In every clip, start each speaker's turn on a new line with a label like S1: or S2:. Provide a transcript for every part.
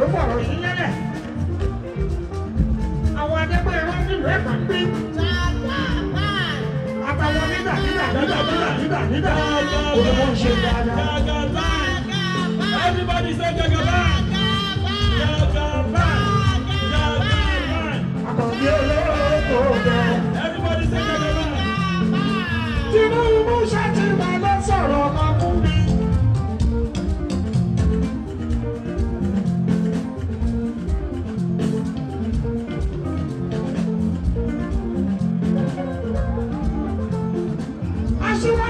S1: ló fọ̀rọ̀ sí lẹ́lẹ̀. Àwọn adẹ́gbẹ́ ẹ̀rọ ń ẹ̀kọ́ ń gbé. Àtàwọn nígbà nígbà nígbà nígbà nígbà nígbà òdòdó ń Everybody say Jagaban!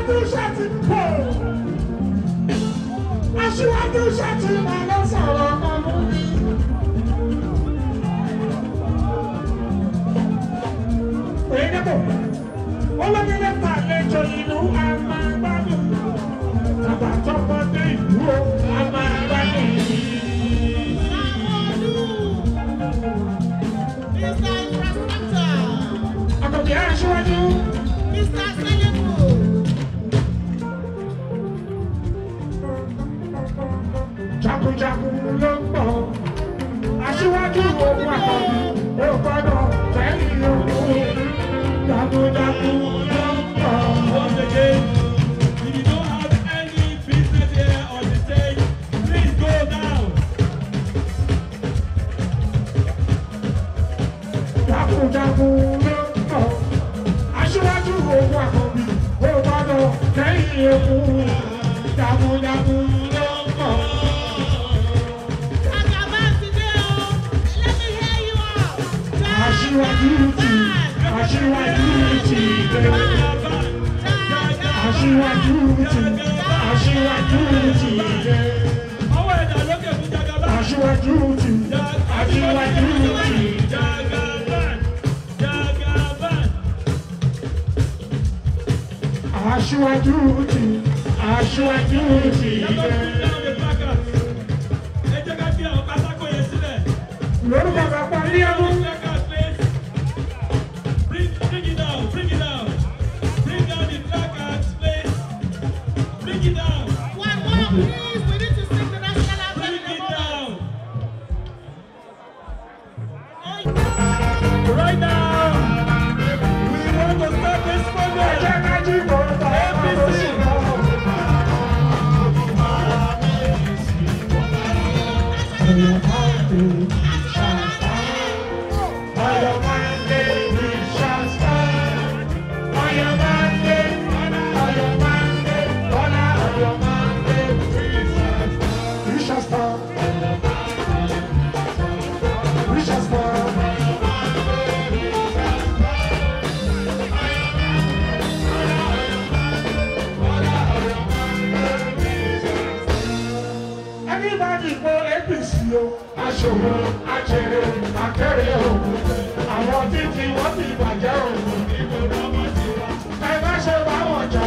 S1: aṣíwájú iṣẹ́ ti pè aṣíwájú iṣẹ́ ti máa lọ sọ̀rọ̀ ọmọ mú mi. Oyèdèpọ̀ olóyèlè pàlejò ìlú amagbádùn àbàtọ́pọ̀dé ìlú amagbádùn. Mr. Infrastructure. Àkàndé aṣíwájú. Mr. Sẹ́lẹ̀. jagunjagun ló ń bọ̀ aṣíwájú òun àkànbí ó gbọ́dọ̀ kẹ́yìn ewu jagunjagun aṣíwájú ti aṣíwájú ti dé. lórúkọ bàbá ilé ọmọ. the entire crew. everybody kó apc o. aṣòwò àjèrè àkẹrẹ òògùn àwọn títí wọn ti bàjẹ́ òògùn ìgbòdò ọmọ tiwa. ẹ má ṣe báwọn jọ.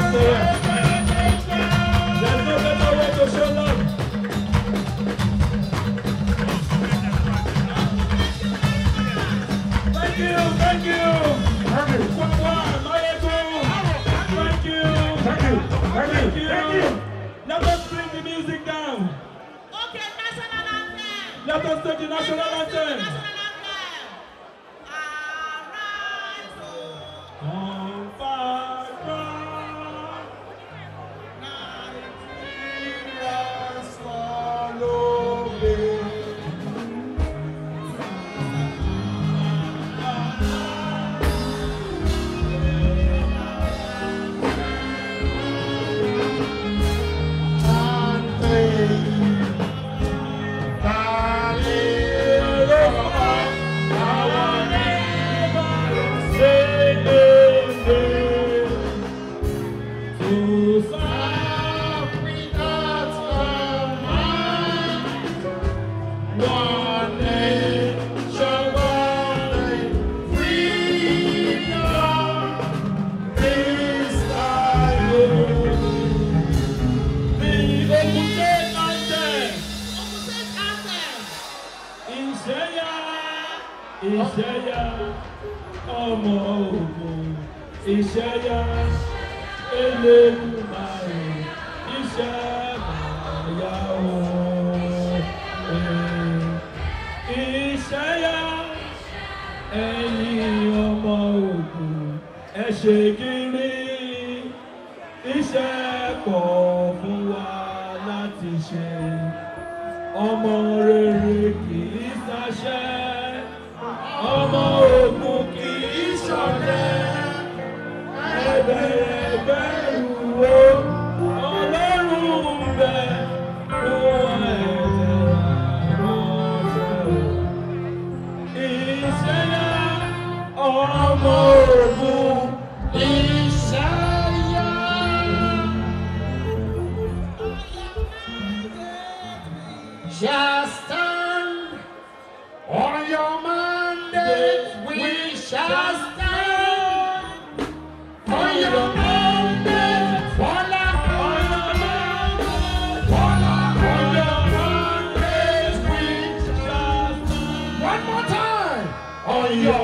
S1: Thank you, thank you. Thank you. Thank you. Thank bring the music down. Okay, national anthem. Let us take the national anthem. Ìṣẹ́yà ọmọ ògùn ìṣẹ́yà elédùnmáyé iṣẹ́ àbáyá wọn. Ìṣẹ́yà ẹ̀yìn ọmọ ògùn ẹ̀ṣẹ̀ gírí iṣẹ́ pọ̀ fún wa láti rere kì í ṣaṣẹ́ ọmọ ogun kì í ṣọ̀lẹ ẹgbẹ̀rẹ̀ bẹ̀rù o ọlọ́run bẹ fún ẹ̀jẹ̀ àmọ́ṣẹ́ ìṣẹ́yà ọmọ ogun ìṣẹ́yà. Just Yeah.